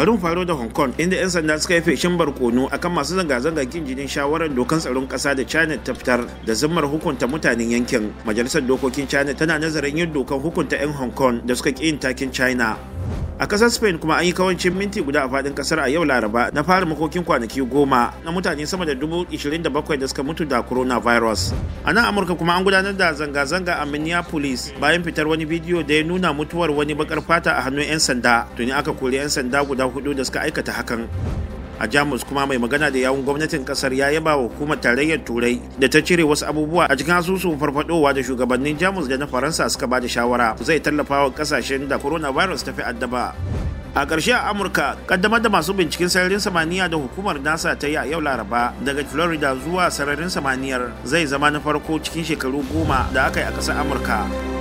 barin faro da hong kong inda 'yan sanda suka yi feshin barkono akan masu zanga-zanga kin jinin shawarar dokan tsaron kasa da china ta fitar da zimmar hukunta mutanen yankin majalisar dokokin china tana nazarin yin dokan hukunta 'yan hong kong da suka ƙi yin takin china a kasar spain kuma an yi kawancin minti guda a faɗin kasar a yau laraba na fara makokin kwanaki goma na mutane sama da dubu ishirin da bakwai da suka mutu da coronavirus a nan amurka kuma an gudanar da zanga-zanga a minneapolis bayan fitar wani bidiyo da ya nuna mutuwar wani bakar fata a hannun 'yan sanda tuni aka kori 'yan sanda guda hudu da suka aikata hakan a jamus kuma mai magana da yawun gwamnatin kasar ya yaba wa hukumar tarayyar turai da ta cire wasu abubuwa a cikin asusun farfadowa da shugabannin jamus da na faransa suka ba da shawara zai tallafa wa kasashen da coronavirus ta fi addaba a ƙarshe a amurka kaddamar da masu binciken sararin samaniya da hukumar nasa ta yi a yau laraba daga florida zuwa sararin samaniyar zai zama na farko cikin shekaru goma da aka yi a ƙasar amurka